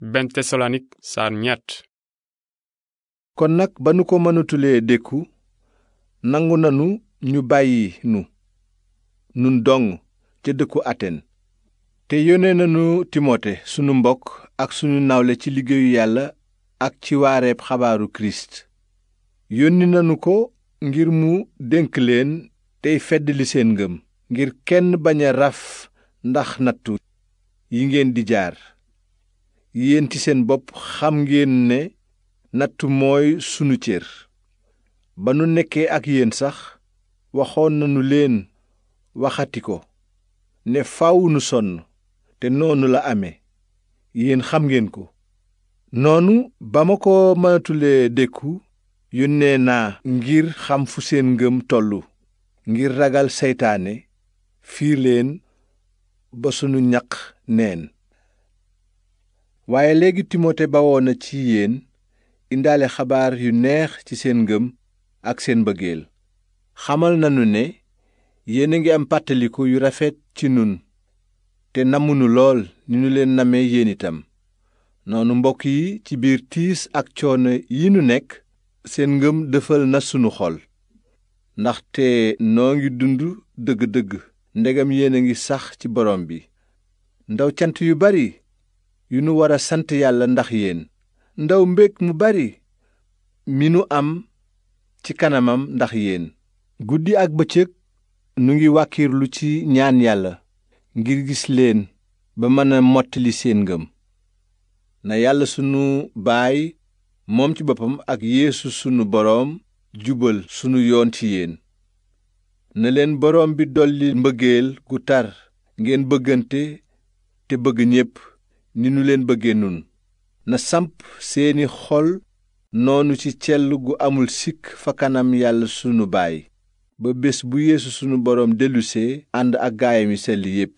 benn tesalonik saar kon nag ba nu ko mënatulee dékku nangu nanu ñu bàyyi nu nun dong ca dëkku aten te yónnee nanu timote sunu mbokk ak sunu nawle ci liggéeyu yàlla ak ci waareeb xabaaru kirist yónni nanu ko ngir mu dénk leen tey feddali seen ngëm ngir kenn bañ a raf ndax nattu yi ngeen di jaar yéen ci seen bopp xam ngeen ne nattu mooy sunu cër ba nu nekkee ak yéen sax waxoon nañu leen waxati ko ne faaw nu sonn te noonu la ame yéen xam ngeen ko noonu ba ma ko mënatulee dëkku yónnee naa ngir xam fu seen ngëm tollu ngir ragal seytaane fiir leen ba sunu ñaq neen waaye léegi timote bawoo na ci yéen indaale xabaar yu neex ci seen ngëm ak seen bëggeel xamal nanu ne yéen a ngi am pàttaliku yu rafet ci nun te namunu lool ni nu leen namee yéen itam noonu mbokk yi ci biir tiis ak coono yi nu nekk seen ngëm dëfal na sunu xol ndaxte noo ngi dund dëgg-dëgg ndegam yéen a ngi sax ci borom bi ndaw cant yu bari yu nu war a sant yàlla ndax yéen ndaw mbég mu bari mi nu am ci kanamam ndax yéen guddi ak bëccëg nu ngi wàkkiirlu ci ñaan yàlla ngir gis leen ba mën a mottali seen ngëm na yàlla sunu baay moom ci boppam ak yéesu sunu boroom jubal sunu yoon ci yéen na leen boroom bi dolli mbëggeel gu tar ngeen bëggante te bëgg ñépp ni nu leen bëgge nun na samp seeni xol noonu ci cell gu amul sikk fa kanam yàlla sunu baay ba bés bu yéesu sunu boroom dellusee ànd ak gaayam yu sell yépp